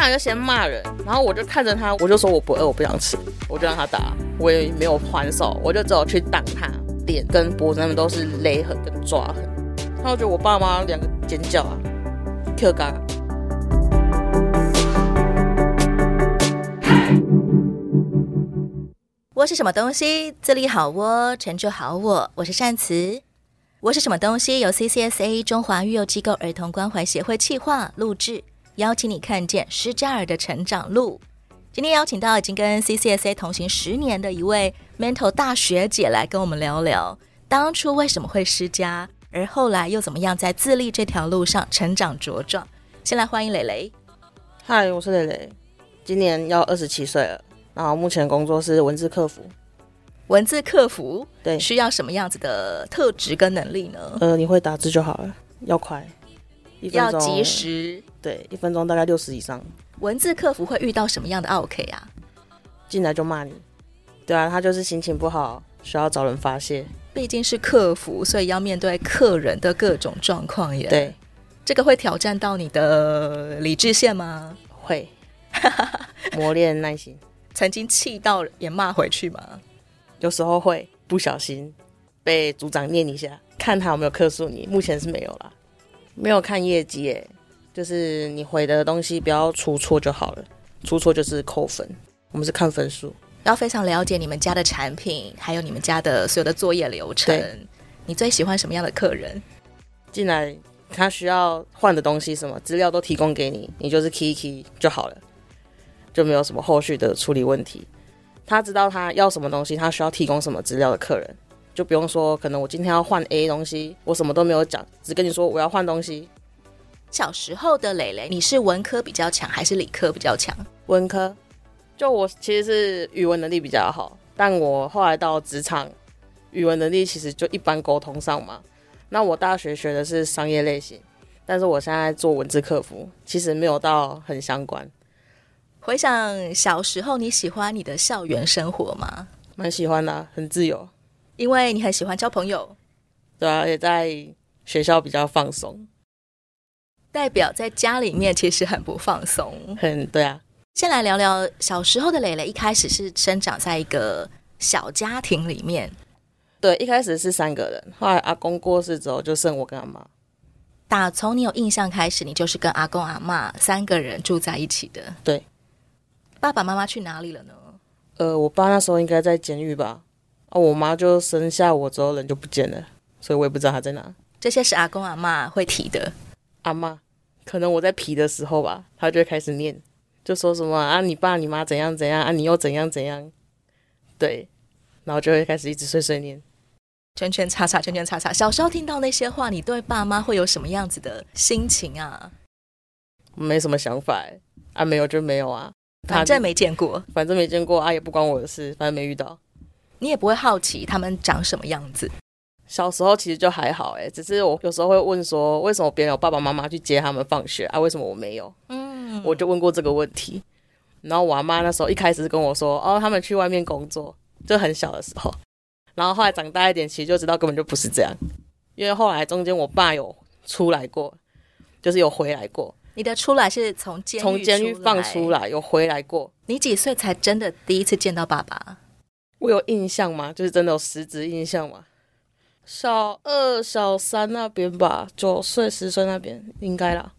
他就先罵人，然後我就看着他，我就說我不餓，我不想吃，我就讓他打，我也沒有還手，我就只有去擋他，臉點跟脖子上面都是勒痕跟抓痕。然後就我爸媽兩個尖叫啊，Q 嘎！我是什麼東西？自立好我、哦，成就好我。我是善慈。我是什麼東西？由 CCSA 中華育幼機構兒童關懷協會企劃錄製。邀請你看見失家兒的成長路。今天邀請到已經跟 CCSA 同行十年的一位 Mentor 大學姐來跟我們聊聊，當初為什麼會失家，而後來又怎麼樣在自立這條路上成長茁壯。先來歡迎雷雷。嗨，我是雷雷，今年要二十七歲了，然後目前工作是文字客服。文字客服，對，需要什麼樣子的特質跟能力呢？呃，你會打字就好了，要快。要及時，對，一分鐘大概六十以上。文字客服會遇到什麼樣的 OK 啊？進來就罵你。對啊，他就是心情不好，需要找人發洩。畢竟是客服，所以要面對客人的各種狀況也對。這個會挑戰到你的理智線嗎？會，磨練耐心。 曾經氣到也罵回去嗎？有時候會不小心被組長念一下，看他有沒有客訴你。目前是沒有了。沒有看業績，哎，就是你回的東西不要出錯就好了，出錯就是扣分。我們是看分數，要非常了解你們家的產品，還有你們家的所有的作業流程。對你最喜歡什麼樣的客人？進來他需要換的東西，什麼資料都提供給你，你就是 key key 就好了，就沒有什麼後續的處理問題。他知道他要什麼東西，他需要提供什麼資料的客人。就不用說，可能我今天要換 A 東西，我什麼都沒有講，只跟你說我要換東西。小時候的雷雷，你是文科比較強還是理科比較強？文科，就我其實是語文能力比較好，但我後來到職場，語文能力其實就一般，溝通上嘛。那我大學學的是商業類型，但是我現在做文字客服，其實沒有到很相關。回想小時候，你喜歡你的校園生活嗎？蠻喜歡的，很自由。因為你很喜歡交朋友？對啊，也在學校比較放鬆。代表在家裡面其實很不放鬆。很。對啊。先來聊聊小時候的雷雷，一開始是生長在一個小家庭裡面，對，一開始是三個人，後來阿公過世之後就剩我跟阿媽。打從你有印象開始，你就是跟阿公阿媽三個人住在一起的。對。爸爸媽媽去哪裡了呢？呃，我爸那時候應該在監獄吧。啊！我媽就生下我之後人就不見了，所以我也不知道她在哪。這些是阿公阿媽會提的。阿媽，可能我在皮的時候吧，他就會開始念，就說什麼啊，你爸你媽怎樣怎樣啊，你又怎樣怎樣，對，然後就會開始一直碎碎念，圈圈叉叉，圈圈叉叉，叉，叉。小時候聽到那些話，你對爸媽會有什麼樣子的心情啊？沒什麼想法、欸、啊，沒有就沒有啊，反正沒見過，反正沒見過啊，也不關我的事，反正沒遇到。你也不會好奇他們長什麼樣子？小時候其實就還好、欸，哎，只是我有時候會問說，為什麼別人有爸爸媽媽去接他們放學啊？為什麼我沒有？嗯，我就問過這個問題。然後我阿媽那時候一開始是跟我說，哦，他們去外面工作，就很小的時候。然後後來長大一點，其實就知道根本就不是這樣，因為後來中間我爸有出來過，就是有回來過。你的出來是從監從監獄放出來，出來，有回來過。你幾歲才真的第一次見到爸爸？我有印象嗎？就是真的有實質印象嗎？小二、小三那邊吧，九歲、十歲那邊應該啦，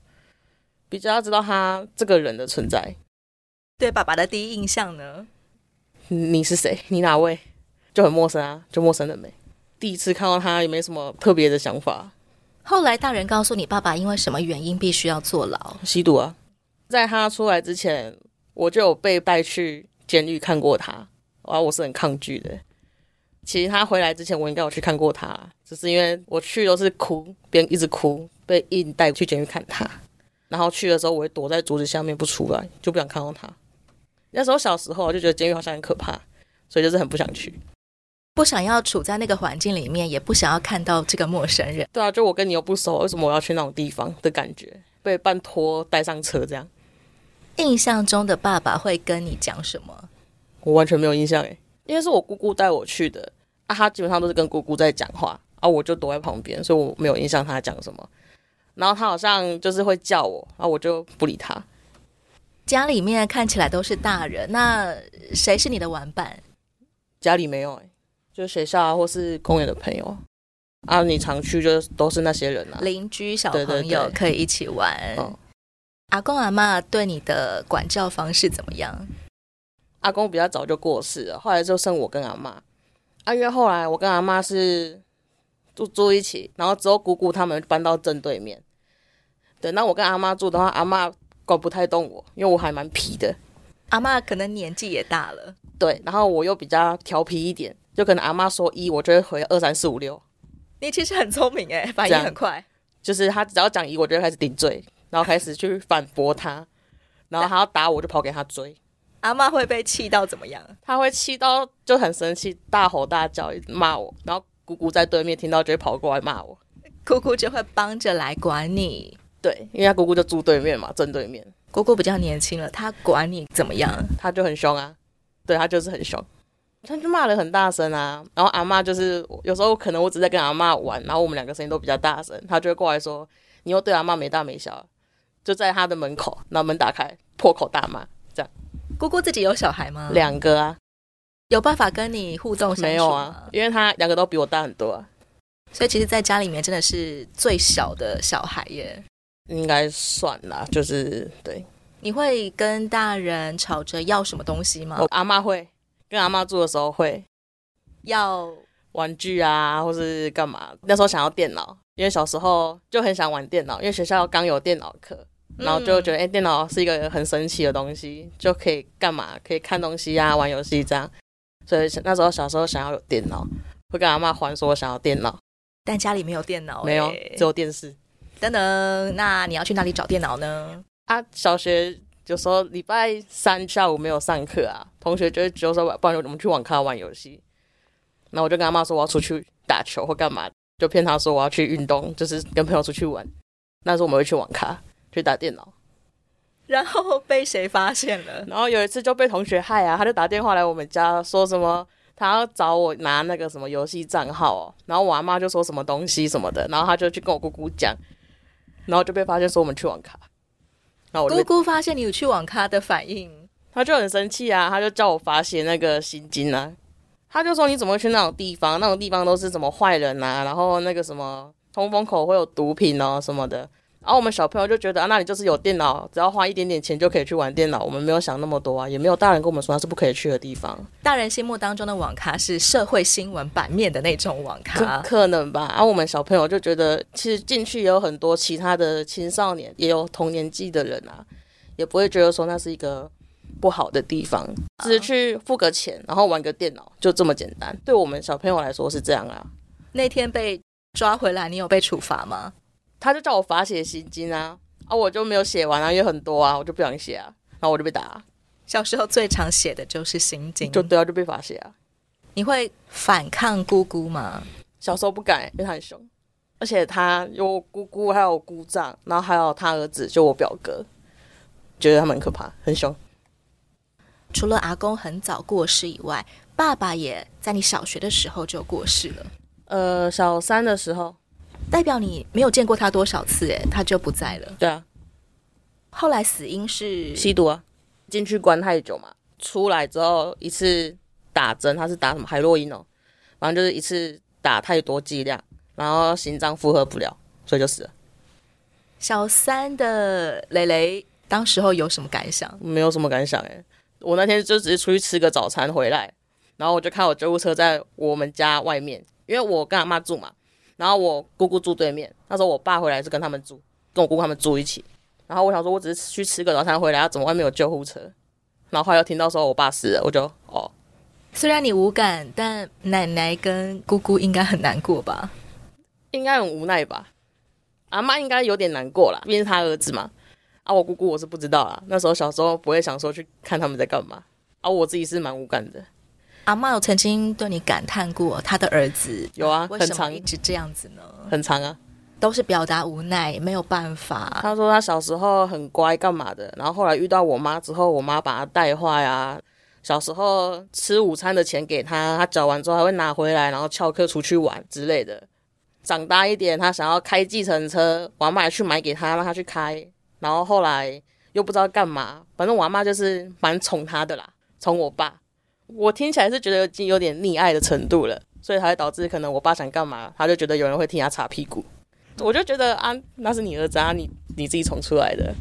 比較知道他這個人的存在。對爸爸的第一印象呢？你是誰？你哪位？就很陌生啊，就陌生人唄。第一次看到他，也沒什麼特別的想法。後來大人告訴你，爸爸因為什麼原因必須要坐牢？吸毒啊。在他出來之前，我就有被帶去監獄看過他。哇，我是很抗拒的。其實他回來之前，我應該有去看過他，只是因為我去都是哭，別人一直哭，被硬帶去監獄看他。然後去的時候，我會躲在桌子下面不出來，就不想看到他。那時候小時候我就覺得監獄好像很可怕，所以就是很不想去，不想要處在那個環境裡面，也不想要看到這個陌生人。對啊，就我跟你又不熟，為什麼我要去那種地方的感覺？被半拖帶上車這樣。印象中的爸爸會跟你講什麼？我完全沒有印象哎，因為是我姑姑帶我去的啊，她基本上都是跟姑姑在講話啊，我就躲在旁邊，所以我沒有印象她講什麼。然後她好像就是會叫我，啊，我就不理她。家裡面看起來都是大人，那誰是你的玩伴？家裡沒有哎，就學校啊，或是公園的朋友啊，啊，你常去就都是那些人啊。鄰居小朋友，對對對，可以一起玩。哦，阿公阿媽對你的管教方式怎麼樣？阿公比較早就過世了，後來就剩我跟阿媽。阿、啊、約後來我跟阿媽是住住一起，然後之後姑姑他們搬到正對面。等到我跟阿媽住的話，阿媽管不太動我，因為我還蠻皮的。阿媽可能年紀也大了，對。然後我又比較調皮一點，就可能阿媽說一，我就會回二三四五六。你其實很聰明哎，反應很快。就是他只要講一，我就會開始頂嘴，然後開始去反駁他， 然後他要打我，就跑給他追。阿媽會被氣到怎麼樣？她會氣到就很生氣，大吼大叫，一直罵我。然後姑姑在對面聽到，就會跑過來罵我。姑姑就會幫着來管你。對，因為她姑姑就住對面嘛，正對面。姑姑比較年輕了，她管你怎麼樣？她就很凶啊，對，她就是很凶，她就罵得很大聲啊。然後阿媽就是有時候可能我只在跟阿媽玩，然後我們兩個聲音都比較大聲，她就會過來說：“你又對阿媽沒大沒小。”就在她的門口，然後門打開，破口大罵。姑姑自己有小孩嗎？兩個啊。有辦法跟你互動嗎？沒有啊，因為他兩個都比我大很多啊。所以其實在家裡面真的是最小的小孩耶，應該算啦，就是對。你會跟大人吵着要什麼東西嗎？我阿嬤會，跟阿嬤住的時候會要玩具啊，或是幹嘛？那時候想要電腦，因為小時候就很想玩電腦，因為學校剛有電腦課。然後就覺得，哎、欸，電腦是一個很神奇的東西，就可以幹嘛？可以看東西啊，玩遊戲這樣。所以那時候小時候想要有電腦，會跟阿嬤說：“我想要電腦。”但家裡沒有電腦，欸，沒有，只有電視。等等，那你要去哪裡找電腦呢？啊，小學就說禮拜三下午沒有上課啊，同學就就說：“不然我們去網咖玩遊戲。”然後我就跟阿嬤說：“我要出去打球或幹嘛？”就騙她說：“我要去運動，就是跟朋友出去玩。”那時候我們會去網咖。去打電腦，然後被誰發現了？然後有一次就被同學害啊！他就打電話來我們家，說什麼他要找我拿那個什麼遊戲賬號哦。然後我阿媽就說什麼東西什麼的，然後他就去跟我姑姑講，然後就被發現說我們去網咖。然後我姑姑發現你有去網咖的反應，他就很生氣啊！他就叫我發洩那個心經啊！他就說你怎麼會去那種地方？那種地方都是什麼壞人啊！然後那個什麼通風口會有毒品哦什麼的。然後、啊、我們小朋友就覺得啊，那裡就是有電腦，只要花一點點錢就可以去玩電腦。我們沒有想那麼多啊，也沒有大人跟我們說他是不可以去的地方。大人心目當中的網咖是社會新聞版面的那種網咖，可能吧。然後、啊、我們小朋友就覺得，其實進去也有很多其他的青少年，也有同年紀的人啊，也不會覺得說那是一個不好的地方，啊、只是去付個錢，然後玩個電腦，就這麼簡單。對我們小朋友來說是這樣啊。那天被抓回來，你有被處罰嗎？他就叫我罰寫心經啊，啊，我就沒有寫完啊，因為很多啊，我就不想寫啊，然後我就被打。小時候最常寫的就是心經，就對啊，就被罰寫啊。你會反抗姑姑嗎？小時候不敢，因為他很凶，而且他有我姑姑，還有我姑丈，然後還有他兒子，就我表哥，覺得他很可怕，很凶。除了阿公很早過世以外，爸爸也在你小學的時候就過世了。呃，小三的時候。代表你沒有見過他多少次，欸，誒，他就不在了。對啊，後來死因是吸毒啊，進去關太久嘛。出來之後一次打針，他是打什麼海洛因哦，喔，反正就是一次打太多劑量，然後心臟負荷不了，所以就死了。小三的雷雷當時候有什麼感想？沒有什麼感想誒，欸，我那天就只是出去吃個早餐回來，然後我就開我救護車在我們家外面，因為我跟阿媽住嘛。然後我姑姑住對面，那時候我爸回來是跟他們住，跟我姑姑他們住一起。然後我想說，我只是去吃個早餐回來，怎麼外面有救護車？然後後來又聽到說我爸死了，我就哦。雖然你無感，但奶奶跟姑姑應該很難過吧？應該很無奈吧？阿媽應該有點難過啦，畢竟是他兒子嘛。啊，我姑姑我是不知道啦，那時候小時候不會想說去看他們在幹嘛。而、啊、我自己是蠻無感的。阿媽有曾經對你感嘆過他的兒子？有啊，很長，為什麼一直這樣子呢？很長啊，都是表達無奈，沒有辦法。她說她小時候很乖，幹嘛的？然後後來遇到我媽之後，我媽把她帶壞啊。小時候吃午餐的錢給她，她繳完之後還會拿回來，然後翹課出去玩之類的。長大一點，她想要開計程車，我阿嬤也去買給她，讓她去開。然後後來又不知道幹嘛，反正我阿媽就是蠻寵她的啦，寵我爸。我聽起來是覺得已經有點溺愛的程度了，所以才會導致可能我爸想幹嘛，他就覺得有人會替他擦屁股。我就覺得啊，那是你兒子啊，你你自己寵出來的。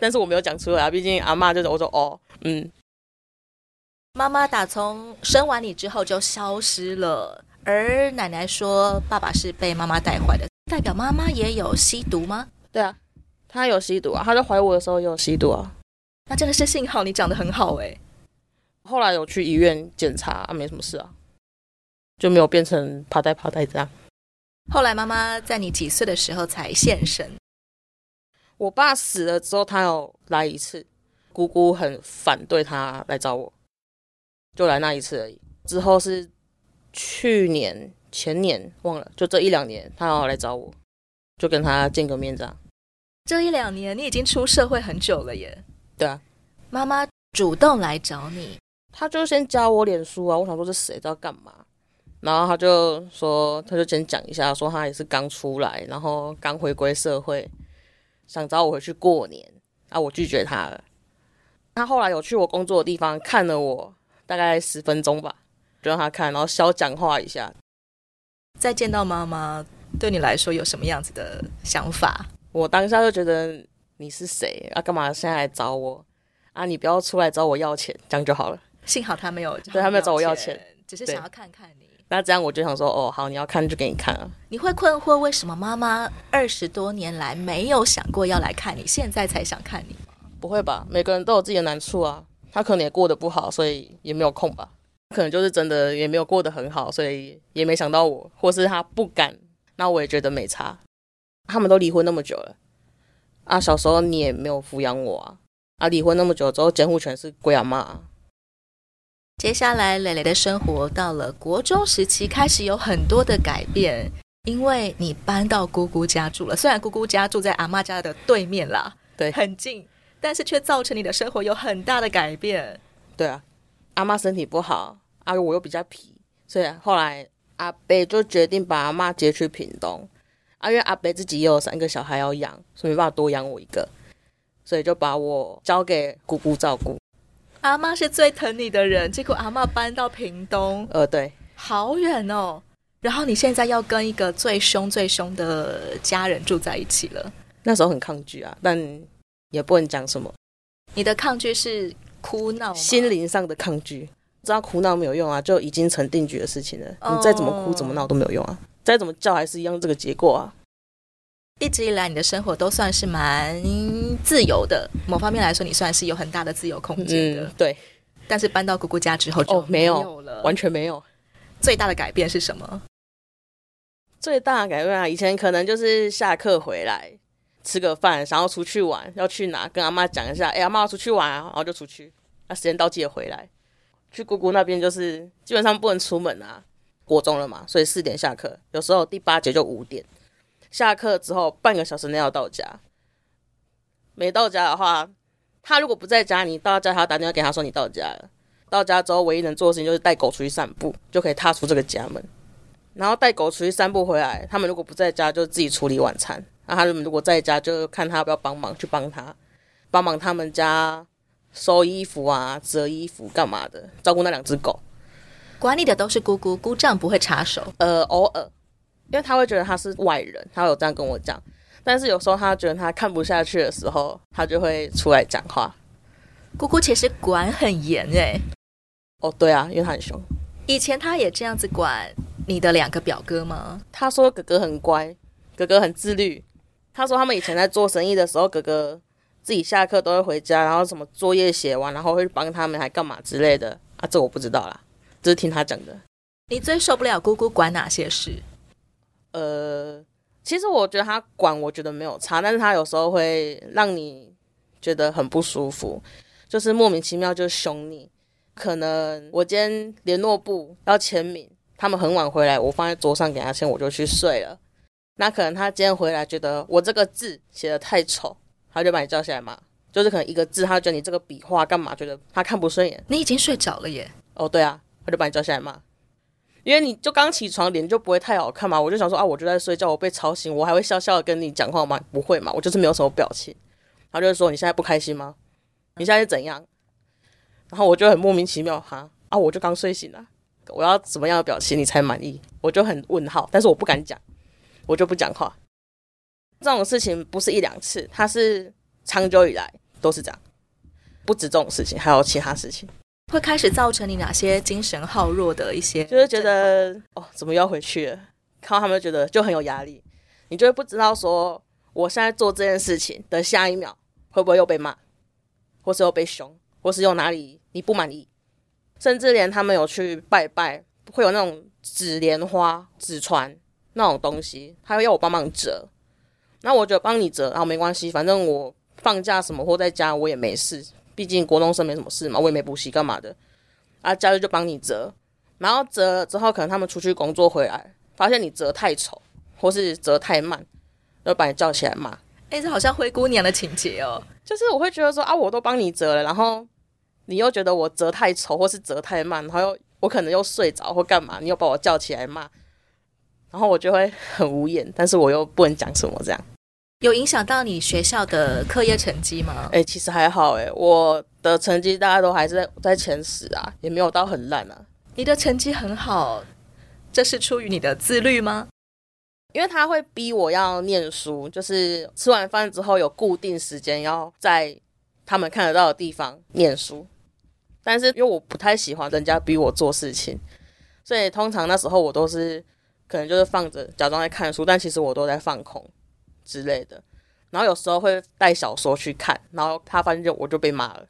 但是我沒有講出來，啊，畢竟阿嬤就是，我說哦，嗯。媽媽打從生完你之後就消失了，而奶奶說爸爸是被媽媽帶壞的，代表媽媽也有吸毒嗎？對啊，她有吸毒啊，她在懷我的時候也有吸毒啊。那真的是幸好，你講得很好誒、欸。後來有去醫院檢查啊，沒什麼事啊，就沒有變成爬袋爬袋這樣。後來媽媽在你幾歲的時候才現身？我爸死了之後，他有來一次。姑姑很反對他來找我，就來那一次而已。之後是去年、前年忘了，就這一兩年，他要來找我，就跟他見個面這樣、啊。這一兩年你已經出社會很久了耶？對啊。媽媽主動來找你。他就先加我臉書啊，我想說這誰，要幹嘛？然後他就說，他就先講一下，說他也是剛出來，然後剛回歸社會，想找我回去過年，啊，我拒絕他了。他後來有去我工作的地方看了我大概十分鐘吧，就讓他看，然後小講話一下。再見到媽媽，對你來說有什麼樣子的想法？我當下就覺得你是誰，要、啊、幹嘛？現在來找我啊？你不要出來找我要錢，這樣就好了。幸好他沒有，對，他沒有找我要錢，只是想要看看你。那這樣我就想說，哦，好，你要看就給你看啊。你會困惑為什麼媽媽二十多年來沒有想過要來看你，現在才想看你嗎？不會吧，每個人都有自己的難處啊。他可能也過得不好，所以也沒有空吧。可能就是真的也沒有過得很好，所以也沒想到我，或是他不敢。那我也覺得沒差。他們都離婚那麼久了，啊，小時候你也沒有撫養我啊，啊，離婚那麼久之後，監護權是歸阿媽，啊。接下來，雷雷的生活到了國中時期，開始有很多的改變。因為你搬到姑姑家住了，雖然姑姑家住在阿媽家的對面啦，對，很近，但是卻造成你的生活有很大的改變。對啊，阿媽身體不好，阿、啊、岳我又比較皮，所以後來阿伯就決定把阿媽接去屏東。阿、啊、岳阿伯自己也有三個小孩要養，所以沒辦法多養我一個，所以就把我交給姑姑照顧。阿媽是最疼你的人，結果阿媽搬到屏東，呃，對，好遠哦。然後你現在要跟一個最兇、最兇的家人住在一起了。那時候很抗拒啊，但也不能講什麼。你的抗拒是哭鬧，心靈上的抗拒，知道哭鬧沒有用啊，就已經成定局的事情了。你再怎麼哭、怎麼鬧都沒有用啊，再怎麼叫還是一樣這個結果啊。一直以來，你的生活都算是蠻自由的某方面來說，你算是有很大的自由空間的、嗯。對，但是搬到姑姑家之後就沒有,、哦、沒有,沒有了，完全沒有。最大的改變是什麼？最大的改變啊，以前可能就是下課回來吃個飯，想要出去玩要去哪，跟阿媽講一下。哎、欸、呀，阿媽要出去玩、啊，然後就出去。那、啊、時間到記得，回來。去姑姑那邊就是基本上不能出門啊，國中了嘛，所以四點下課，有時候第八節就五點下課之後半個小時內要到家。沒到家的話，他如果不在家，你到家他打電話給他說你到家了。到家之後，唯一能做的事情就是帶狗出去散步，就可以踏出這個家門。然後帶狗出去散步回來，他們如果不在家，就自己處理晚餐。那、啊、他們如果在家，就看他要不要幫忙，去幫他幫忙他們家收衣服啊、折衣服幹嘛的，照顧那兩隻狗。管理的都是姑姑，姑丈不會插手。呃，偶爾，因為他會覺得他是外人，他會有這樣跟我講。但是有時候他覺得他看不下去的時候，他就會出來講話。姑姑其實管很嚴哎、欸。哦，對啊，因為他很凶。以前他也這樣子管你的兩個表哥嗎？他說哥哥很乖，哥哥很自律。他說他們以前在做生意的時候， 哥哥自己下課都會回家，然後什麼作業寫完，然後會幫他們還幹嘛之類的啊？這我不知道啦，這、就是聽他講的。你最受不了姑姑管哪些事？呃。其實我覺得他管，我覺得沒有差，但是他有時候會讓你覺得很不舒服，就是莫名其妙就凶你。可能我今天聯絡簿要簽名，他們很晚回來，我放在桌上給他簽，我就去睡了。那可能他今天回來覺得我這個字寫的太醜，他就把你叫起來罵。就是可能一個字，他就覺得你這個筆畫幹嘛，覺得他看不順眼。你已經睡着了耶？哦，對啊，他就把你叫起來罵。因為你就剛起床，臉就不會太好看嘛。我就想說啊，我就在睡覺，我被吵醒，我還會笑笑的跟你講話嗎？不會嘛，我就是沒有什麼表情。他就是說，你現在不開心嗎？你現在是怎樣？然後我就很莫名其妙哈啊，我就剛睡醒了，我要怎麼樣的表情你才滿意？我就很問號，但是我不敢講，我就不講話。這種事情不是一兩次，它是長久以來都是這樣。不止這種事情，還有其他事情。會開始造成你哪些精神耗弱的一些，就是覺得哦，怎麼又要回去了？然後他們就覺得就很有壓力，你就會不知道說我現在做這件事情的下一秒會不會又被罵，或是又被凶，或是又哪裡你不滿意，甚至連他們有去拜拜，會有那種紙蓮花、紙船那種東西，他會要我幫忙折，那我就幫你折，然後沒關係，反正我放假什麼或在家我也沒事。畢竟國中生沒什麼事嘛，我也沒補習幹嘛的，啊，家裡就幫你折，然後折了之後可能他們出去工作回來，發現你折太醜或是折太慢，然後把你叫起來罵。誒、欸，這好像灰姑娘的情節哦。就是我會覺得說啊，我都幫你折了，然後你又覺得我折太醜或是折太慢，然後又我可能又睡着或幹嘛，你又把我叫起來罵，然後我就會很無言，但是我又不能講什麼這樣。有影響到你學校的課業成績嗎？哎，其實還好哎，我的成績大家都還是在在前十啊，也沒有到很爛啊。你的成績很好，這是出於你的自律嗎？因為他會逼我要念書，就是吃完飯之後有固定時間要在他們看得到的地方念書。但是因為我不太喜歡人家逼我做事情，所以通常那時候我都是可能就是放着假裝在看書，但其實我都在放空。之類的，然後有時候會帶小說去看，然後他反正就我就被罵了。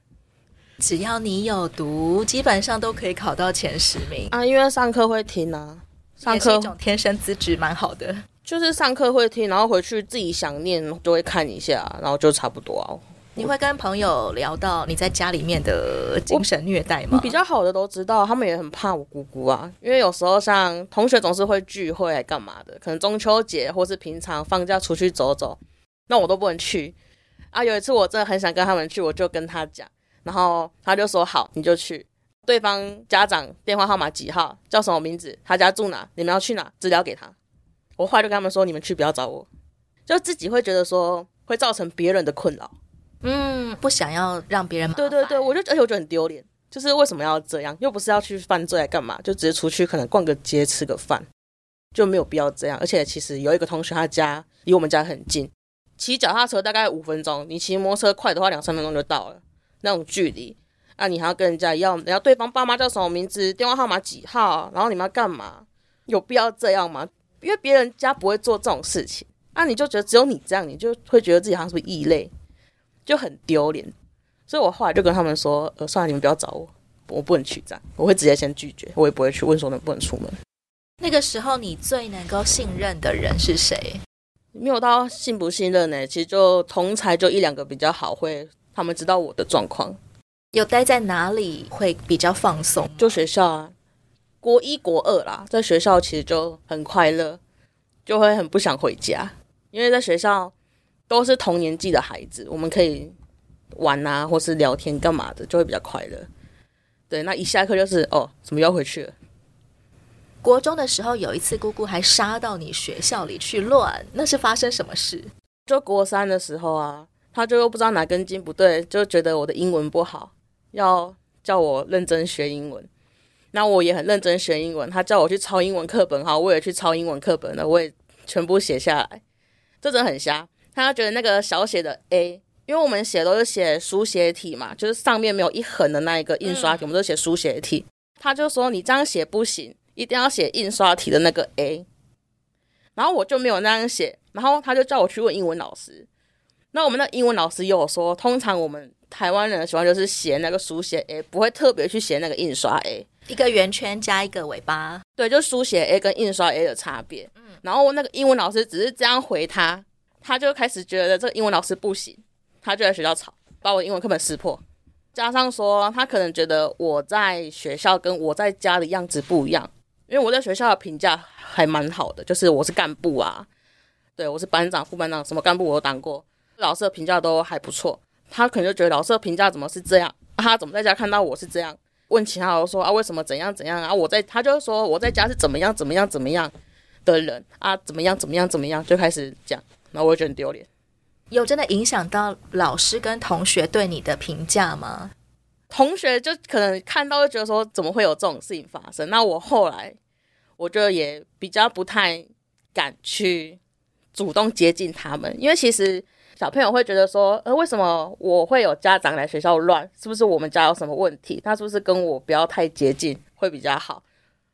只要你有讀，基本上都可以考到前十名啊。因為上課會聽啊，上課是一種天生資質蠻好的，就是上課會聽，然後回去自己想念就會看一下，然後就差不多哦、啊你會跟朋友聊到你在家裡面的精神虐待嗎？我比較好的都知道，他們也很怕我姑姑啊。因為有時候像同學總是會聚會來幹嘛的，可能中秋節或是平常放假出去走走，那我都不能去啊。有一次我真的很想跟他們去，我就跟他講，然後他就說好，你就去。對方家長電話號碼幾號，叫什麼名字，他家住哪，你們要去哪，資料給他。我後來就跟他們說，你們去不要找我，就自己會覺得說會造成別人的困擾。嗯，不想要讓別人對對對，我就而且、欸、我覺得很丟臉，就是為什麼要這樣？又不是要去犯罪來幹嘛，就直接出去可能逛個街、吃個飯，就沒有必要這樣。而且其實有一個同學，他家離我們家很近，騎腳踏車大概五分鐘，你騎摩托車快的話，兩三分鐘就到了那種距離。啊，你還要跟人家要，然後對方爸媽叫什麼名字、電話號碼幾號，然後你要幹嘛？有必要這樣嗎？因為別人家不會做這種事情，啊，你就覺得只有你這樣，你就會覺得自己好像是個異類。就很丟臉，所以我後來就跟他們說，呃，算了，你們不要找我，我不能去，這樣我會直接先拒絕，我也不會去問說能不能出門。那個時候，你最能夠信任的人是誰？沒有到信不信任呢，其實就同儕就一兩個比較好，會他們知道我的狀況。有待在哪裡會比較放鬆？就學校啊，國一國二啦，在學校其實就很快樂，就會很不想回家，因為在學校。都是同年紀的孩子，我們可以玩啊，或是聊天幹嘛的，就會比較快樂。對，那一下課就是哦，怎麼又要回去了？國中的時候有一次，姑姑還殺到你學校裡去亂，那是發生什麼事？就國三的時候啊，他就又不知道哪根筋不對，就覺得我的英文不好，要叫我認真學英文。那我也很認真學英文，他叫我去抄英文課本好，我也去抄英文課本了，我也全部寫下來，這真的很瞎。他覺得那個小寫的 a，因為我們寫都是寫書寫體嘛，就是上面沒有一橫的那一個印刷體，嗯、我們都寫書寫體。他就說你這樣寫不行，一定要寫印刷體的那個 a。然後我就沒有那樣寫，然後他就叫我去問英文老師。那我們的英文老師有說，通常我們台灣人喜歡就是寫那個書寫 a，不會特別去寫那個印刷 a。一個圓圈加一個尾巴，對，就書寫 a 跟印刷 a 的差別。嗯，然後我那個英文老師只是這樣回他。他就開始覺得這個英文老師不行，他就在學校吵，把我英文課本撕破。加上說他可能覺得我在學校跟我在家的樣子不一樣，因為我在學校的評價還蠻好的，就是我是幹部啊，對我是班長、副班長，什麼幹部我都當過，老師的評價都還不錯。他可能就覺得老師的評價怎麼是這樣？他、啊、怎麼在家看到我是這樣，問其他老師說啊，為什麼怎樣怎樣啊？我在他就說我在家是怎麼樣怎麼樣怎麼樣的人啊？怎麼樣怎麼樣怎麼樣就開始講。那我也覺得丟臉，有真的影響到老師跟同學對你的評價嗎？同學就可能看到會覺得說，怎麼會有這種事情發生？那我後來我就也比較不太敢去主動接近他們，因為其實小朋友會覺得說，呃，為什麼我會有家長來學校亂？是不是我們家有什麼問題？他是不是跟我不要太接近會比較好？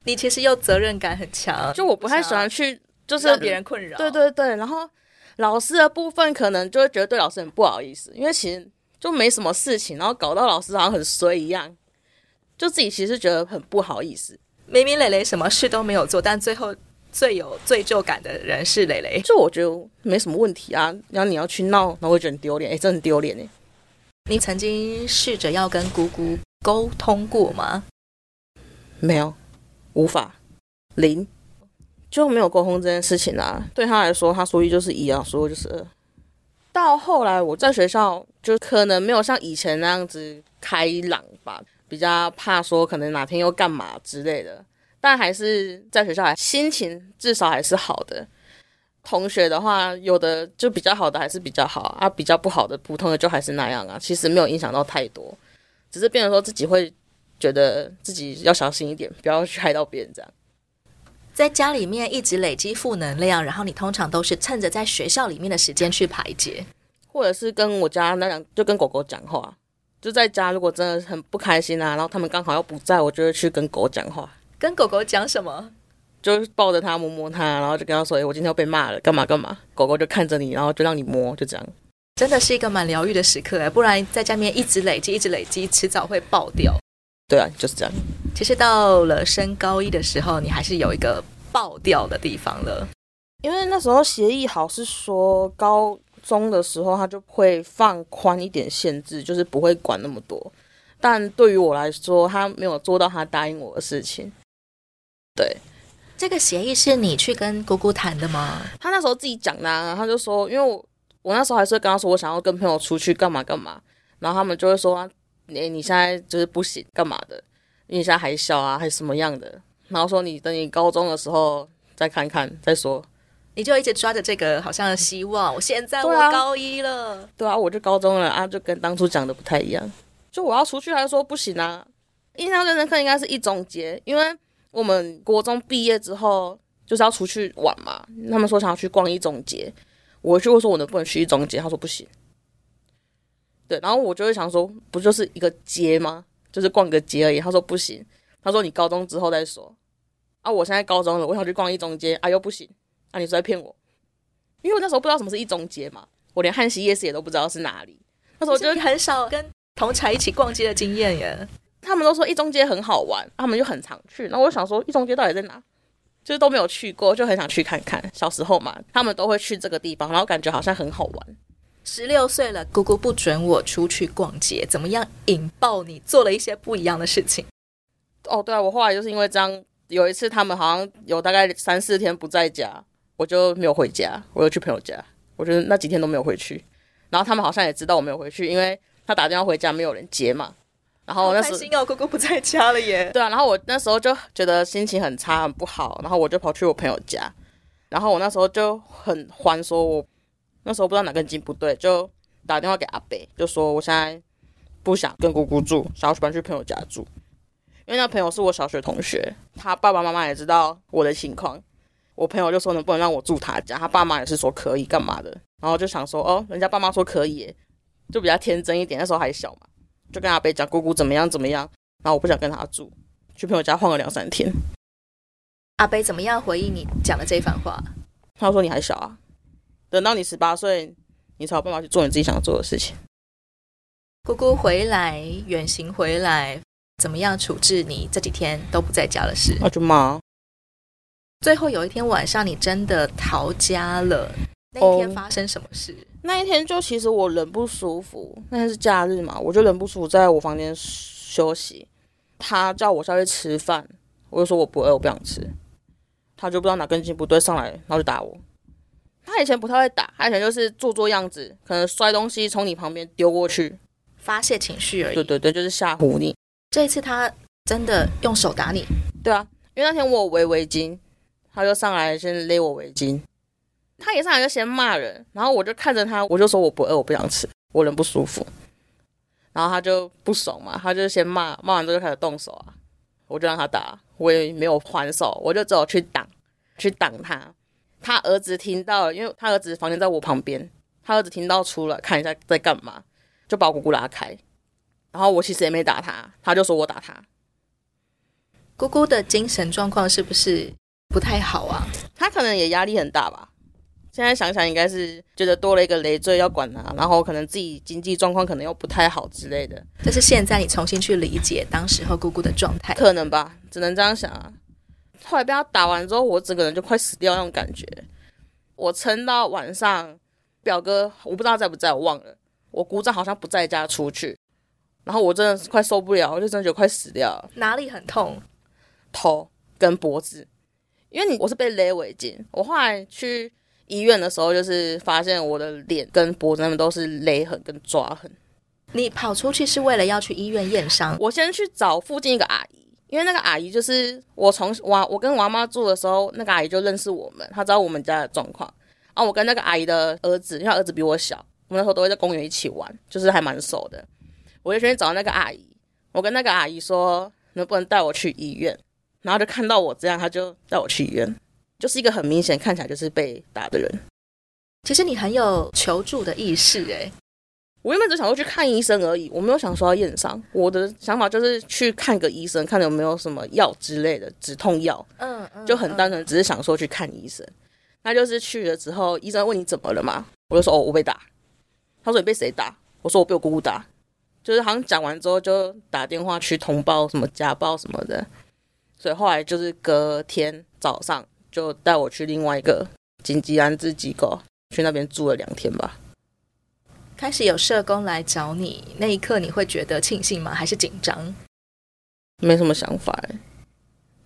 你其實又責任感很強，就我不太喜歡去，就是跟別人困擾。 對對對，然後。老師的部分可能就會覺得對老師很不好意思，因為其實就沒什麼事情，然後搞到老師好像很衰一樣，就自己其實覺得很不好意思。明明雷雷什麼事都沒有做，但最後最有罪疚感的人是雷雷，就我覺得沒什麼問題啊。然後你要去鬧，那會覺得丟臉，哎、欸，真丟臉呢。你曾經試着要跟姑姑溝通過嗎？沒有，無法，零。就沒有溝通這件事情啦、啊，對他來說，他說一就是一啊，說二就是二。到後來我在學校就可能沒有像以前那樣子開朗吧，比較怕說可能哪天又幹嘛之類的。但還是在學校還心情至少還是好的。同學的話，有的就比較好的還是比較好啊，比較不好的普通的就還是那樣啊。其實沒有影響到太多，只是變成說自己會覺得自己要小心一點，不要去害到別人這樣。在家裡面一直累積負能量，然後你通常都是趁着在學校裡面的時間去排解，或者是跟我家那兩就跟狗狗講話。就在家如果真的很不開心啊，然後他們剛好要不在，我就會去跟狗講話。跟狗狗講什麼？就是抱着它摸摸它，然後就跟他說：“欸，我今天又被罵了，幹嘛幹嘛？”狗狗就看着你，然後就讓你摸，就這樣。真的是一個蠻療癒的時刻哎、欸，不然在家裡面一直累積，一直累積，遲早會爆掉。對啊，就是這樣。其實到了升高一的時候，你還是有一個爆掉的地方的，因為那時候協議好是說，高中的時候他就會放寬一點限制，就是不會管那麼多。但對於我來說，他沒有做到他答應我的事情。對，這個協議是你去跟姑姑談的嗎？他那時候自己講的啊，他就說，因為我我那時候還是跟他說，我想要跟朋友出去幹嘛幹嘛，然後他們就會說啊。你、欸、你現在就是不行，幹嘛的？因為你現在還小啊，還是什麼樣的？然後說，你等你高中的時候再看看再說。你就一直抓着這個好像的希望。我、嗯、現在我高一了。對、啊，對啊，我就高中了啊，就跟當初講的不太一樣。就我要出去，還是說不行啊。印象最深刻應該是一中街，因為我們國中畢業之後就是要出去玩嘛。嗯、他們說想要去逛一中街，我就會說，我能不能去一中街？嗯、他說不行。對，然後我就會想說，不就是一個街嗎？就是逛個街而已。他說不行，他說你高中之後再說。啊，我現在高中了，我想去逛一中街，啊又不行，啊你是在騙我？因為我那時候不知道什麼是一中街嘛，我連漢西夜市也都不知道是哪裡。那時候我就很少跟同儕一起逛街的經驗耶。他們都說一中街很好玩，他們就很常去。那我就想說一中街到底在哪？就是都沒有去過，就很想去看看。小時候嘛，他們都會去這個地方，然後感覺好像很好玩。十六歲了，姑姑不准我出去逛街。怎麼樣引爆你做了一些不一樣的事情？哦，對啊，我後來就是因為這樣，有一次他們好像有大概三四天不在家，我就沒有回家，我又去朋友家。我覺得那幾天都沒有回去，然後他們好像也知道我沒有回去，因為他打電話回家沒有人接嘛。然後那時候開心哦，姑姑不在家了耶。對啊，然後我那時候就覺得心情很差，很不好，然後我就跑去我朋友家，然後我那時候就很歡，說我。那時候不知道哪根筋不對，就打電話給阿北，就說我現在不想跟姑姑住，想要搬去朋友家住，因為那朋友是我小學同學，他爸爸媽媽也知道我的情況，我朋友就說能不能讓我住他家，他爸媽也是說可以幹嘛的，然後就想說哦，人家爸媽說可以，就比較天真一點，那時候還小嘛，就跟阿北講姑姑怎麼樣怎麼樣，然後我不想跟他住，去朋友家晃個兩三天。阿北怎麼樣回應你講的這番話？他說你還小啊。等到你十八歲，你才有辦法去做你自己想做的事情。姑姑回來，遠行回來，怎麼樣處置你這幾天都不在家的事？那、啊、就罵。最後有一天晚上，你真的逃家了。那一天發生什麼事？Oh, 那一天就其實我人不舒服，那天是假日嘛，我就人不舒服，在我房間休息。他叫我下去吃飯，我就說我不餓，我不想吃。他就不知道哪根筋不對，上來然後就打我。他以前不太會打，他以前就是做做樣子，可能摔東西從你旁邊丟過去，發洩情緒而已。對對對，就是嚇唬你。這一次他真的用手打你。對啊，因為那天我圍圍巾，他就上來先勒我圍巾。他一上來就先罵人，然後我就看着他，我就說我不餓，我不想吃，我人不舒服。然後他就不爽嘛，他就先罵，罵完之後就開始動手啊，我就讓他打，我也沒有還手，我就只好去擋，去擋他。他兒子聽到了，因為他兒子房間在我旁邊，他兒子聽到出來看一下在幹嘛，就把我姑姑拉開。然後我其實也沒打他，他就說我打他。姑姑的精神狀況是不是不太好啊？他可能也壓力很大吧。現在想想，應該是覺得多了一個累贅要管他，然後可能自己經濟狀況可能又不太好之類的。但是現在你重新去理解當時和姑姑的狀態，可能吧，只能這樣想啊。後來被他打完之後，我整個人就快死掉那種感覺。我撐到晚上，表哥我不知道在不在，我忘了。我姑丈好像不在家出去，然後我真的是快受不了，我就真的就快死掉了。哪裡很痛？頭跟脖子，因為你我是被勒圍巾。我後來去醫院的時候，就是發現我的臉跟脖子那邊都是勒痕跟抓痕。你跑出去是為了要去醫院驗傷？我先去找附近一個阿姨。因為那個阿姨就是我從我跟我媽媽住的時候，那個阿姨就認識我們，她知道我們家的狀況啊。然後我跟那個阿姨的兒子，因為她兒子比我小，我們那時候都會在公園一起玩，就是還蠻熟的。我就先去找那個阿姨，我跟那個阿姨說能不能帶我去醫院，然後就看到我這樣，她就帶我去醫院，就是一個很明顯看起來就是被打的人。其實你很有求助的意識、欸，哎。我原本只想過去看醫生而已，我沒有想說要驗傷。我的想法就是去看個醫生，看有沒有什麼藥之類的止痛藥。嗯嗯，就很單純，只是想說去看醫生。嗯嗯、那就是去了之後，醫生問你怎麼了嘛，我就說哦，我被打。他說你被誰打？我說我被我姑姑打。就是好像講完之後，就打電話去通報什麼家暴什麼的。所以後來就是隔天早上就帶我去另外一個緊急安置機構，去那邊住了兩天吧。開始有社工來找你，那一刻你會覺得慶幸嗎？還是緊張？沒什麼想法哎、欸。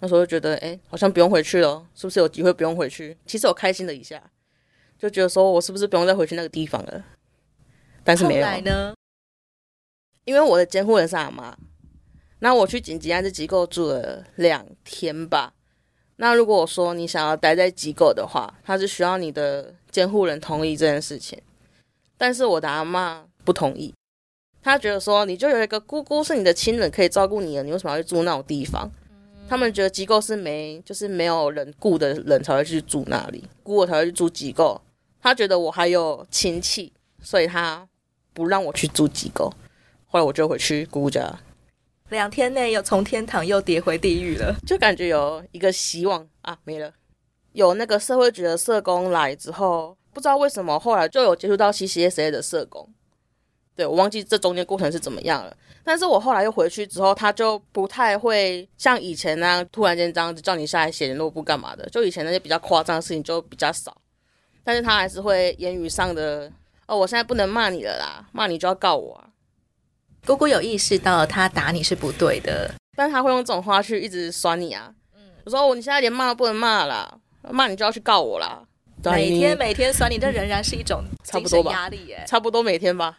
那時候就覺得哎、欸，好像不用回去了，是不是有機會不用回去？其實我開心了一下，就覺得說我是不是不用再回去那個地方了？但是沒有。後來呢？因為我的監護人是阿媽，那我去緊急安置機構住了兩天吧。那如果我說你想要待在機構的話，他是需要你的監護人同意這件事情。但是我的阿媽不同意，她覺得說，你就有一個姑姑是你的親人可以照顧你了，你為什麼要去住那種地方？他們覺得機構是沒就是沒有人顧的人才會去住那裡，僱我才會去住機構。她覺得我還有親戚，所以她不讓我去住機構。後來我就回去姑姑家，兩天內又從天堂又跌回地獄了，就感覺有一個希望啊沒了。有那個社會局的社工來之後。不知道為什麼，後來就有接觸到 CCSA 的社工，對，我忘記這中間過程是怎麼樣了。但是我後來又回去之後，他就不太會像以前那樣突然間這樣子叫你下來寫聯絡簿幹嘛的。就以前那些比較誇張的事情就比較少，但是他還是會言語上的哦，我現在不能罵你了啦，罵你就要告我啊。姑姑有意識到他打你是不對的，但他會用這種話去一直酸你啊。嗯，我說我你現在連罵都不能罵啦，罵你就要去告我啦。每天每天酸你，這仍然是一種精神壓力耶差。差不多每天吧。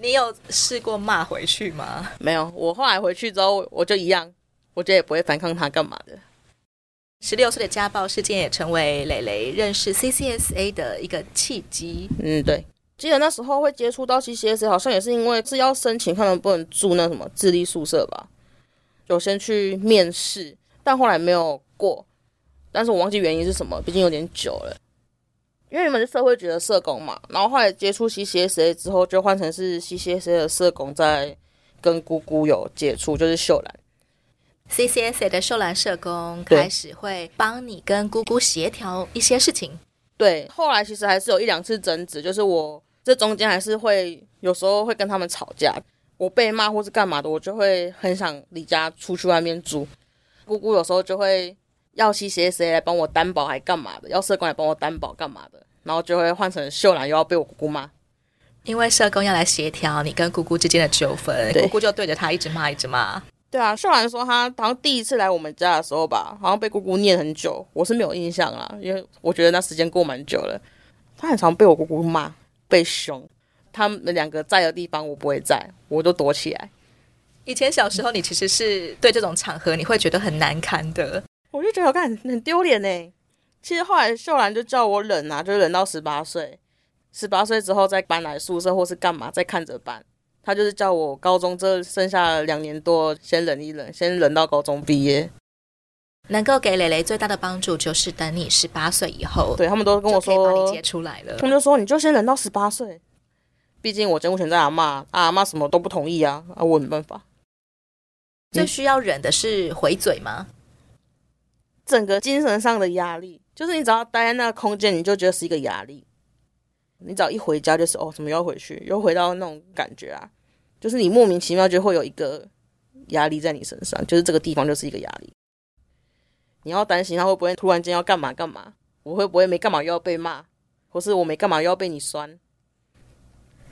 你有試過罵回去嗎？沒有，我後來回去之後，我就一樣，我覺得也不會反抗他幹嘛的。十六歲的家暴事件也成為雷雷認識 CCSA 的一個契機。嗯，對，記得那時候會接觸到 CCSA，好像也是因為是要申請他能不能住那什麼自立宿舍吧，就先去面試，但後來沒有過，但是我忘記原因是什麼，畢竟有點久了。因為你們是社會局的社工嘛，然後後來接觸 CCSA 之後，就換成是 CCSA 的社工在跟姑姑有接觸，就是秀蘭 CCSA 的秀蘭社工開始會幫你跟姑姑協調一些事情。對，對，後來其實還是有一兩次爭執，就是我這中間還是會有時候會跟他們吵架，我被罵或是幹嘛的，我就會很想離家出去外面住，姑姑有時候就會。要 CCSA 來幫我擔保，還幹嘛的？要社工來幫我擔保幹嘛的？然後就會換成秀蘭又要被我姑姑罵，因為社工要來協調你跟姑姑之間的糾紛，對姑姑就對着她一直罵一直罵。對啊，秀蘭說她好像第一次來我們家的時候吧，好像被姑姑念很久。我是沒有印象啦，因為我覺得那時間過蠻久了。她很常被我姑姑罵，被凶。他們兩個在的地方，我不會在，我就躲起來。以前小時候，你其實是對這種場合你會覺得很難堪的。我就覺得好看很，很丟臉其實後來秀蘭就叫我忍啊，就忍到十八歲，十八歲之後再搬來宿舍或是幹嘛，再看着辦。他就是叫我高中這剩下兩年多先忍一忍，先忍到高中畢業。能夠給蕾蕾最大的幫助就是等你十八歲以後。嗯、對他們都跟我說，可以把你接出來了，他們就說你就先忍到十八歲。畢竟我監護權在阿嬤、啊，阿嬤什麼都不同意啊，啊我沒辦法。最需要忍的是回嘴嗎？嗯整個精神上的壓力，就是你只要待在那個空間，你就覺得是一個壓力。你只要一回家，就是哦，怎麼又要回去，又回到那種感覺啊，就是你莫名其妙就會有一個壓力在你身上，就是這個地方就是一個壓力。你要擔心他會不會突然間要幹嘛幹嘛，我會不會沒幹嘛又要被罵，或是我沒幹嘛又要被你酸。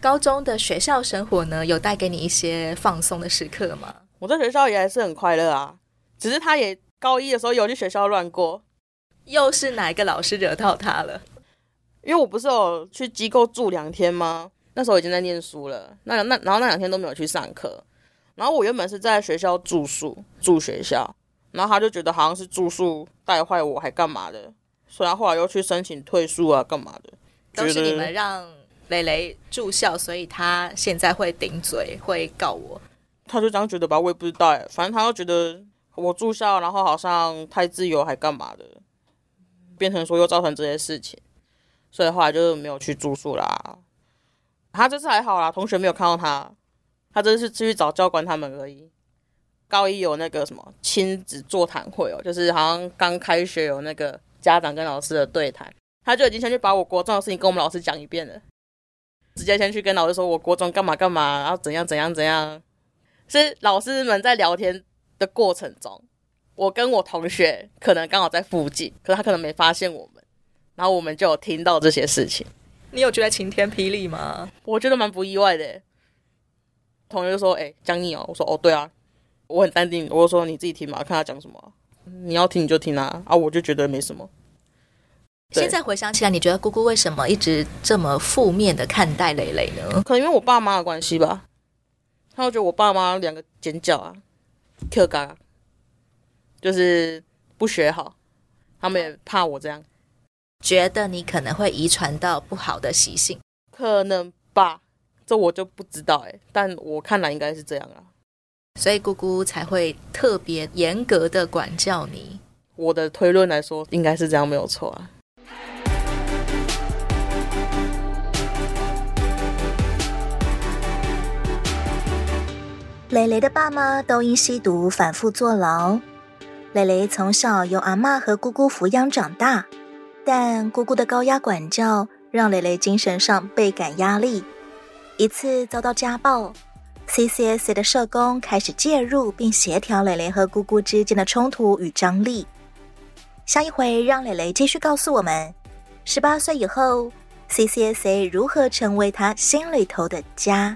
高中的學校生活呢，有帶給你一些放鬆的時刻嗎？我在學校也還是很快樂啊，只是他也。高一的時候有去學校亂過，又是哪一個老師惹到他了？因為我不是有去機構住兩天嗎？那時候已經在念書了，那那然後那兩天都沒有去上課。然後我原本是在學校住宿，住學校，然後他就覺得好像是住宿帶壞我，還幹嘛的？所以，他後來又去申請退宿啊，幹嘛的？都是你們讓雷雷住校，所以他現在會頂嘴，會告我。他就這樣覺得吧，我也不知道哎，反正他又覺得。我住校，然後好像太自由，還幹嘛的，變成說又造成這些事情，所以後來就是沒有去住宿啦啊。他這次還好啦，同學沒有看到他，他這次是去找教官他們而已。高一有那個什麼親子座談會哦喔，就是好像剛開學有那個家長跟老師的對談，他就已經先去把我國中的事情跟我們老師講一遍了，直接先去跟老師說我國中幹嘛幹嘛，然後怎樣怎樣怎樣，是老師們在聊天的過程中，我跟我同學可能剛好在附近，可是他可能沒發現我們，然後我們就有聽到這些事情。你有覺得晴天霹靂嗎？我覺得蠻不意外的。同學就說：“哎、欸，講你哦。”我說：“哦，對啊。”我很淡定，我就說：“你自己聽嘛，看他講什麼。你要聽你就聽啊。”啊，我就覺得沒什麼。現在回想起來，你覺得姑姑為什麼一直這麼負面的看待雷雷呢？可能因為我爸媽的關係吧。他就覺得我爸媽兩個撿角啊。撿角，就是不學好，他們也怕我這樣，覺得你可能會遺傳到不好的習性，可能吧？這我就不知道哎、欸，但我看來應該是這樣啊。所以姑姑才會特別嚴格的管教你。我的推論來說，應該是這樣沒有錯啊。雷雷的爸媽都因吸毒反覆坐牢，雷雷從小由阿嬤和姑姑撫養長大，但姑姑的高壓管教讓雷雷精神上倍感壓力。一次遭到家暴，CCSA 的社工開始介入並協調雷雷和姑姑之間的衝突與張力。下一回讓雷雷繼續告訴我們，十八歲以後，CCSA 如何成為她心裡頭的家。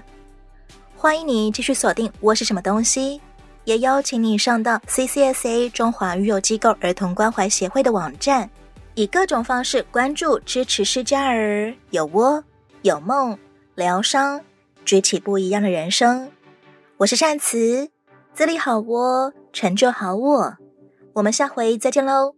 歡迎你繼續鎖定《窩是什麼東西》，也邀請你上到 CCSA 中華育幼機構兒童關懷協會的網站，以各種方式關注、支持失家兒有窩有夢療傷，崛起不一樣的人生。我是善慈，自立好窩，成就好我，我們下回再見嘍。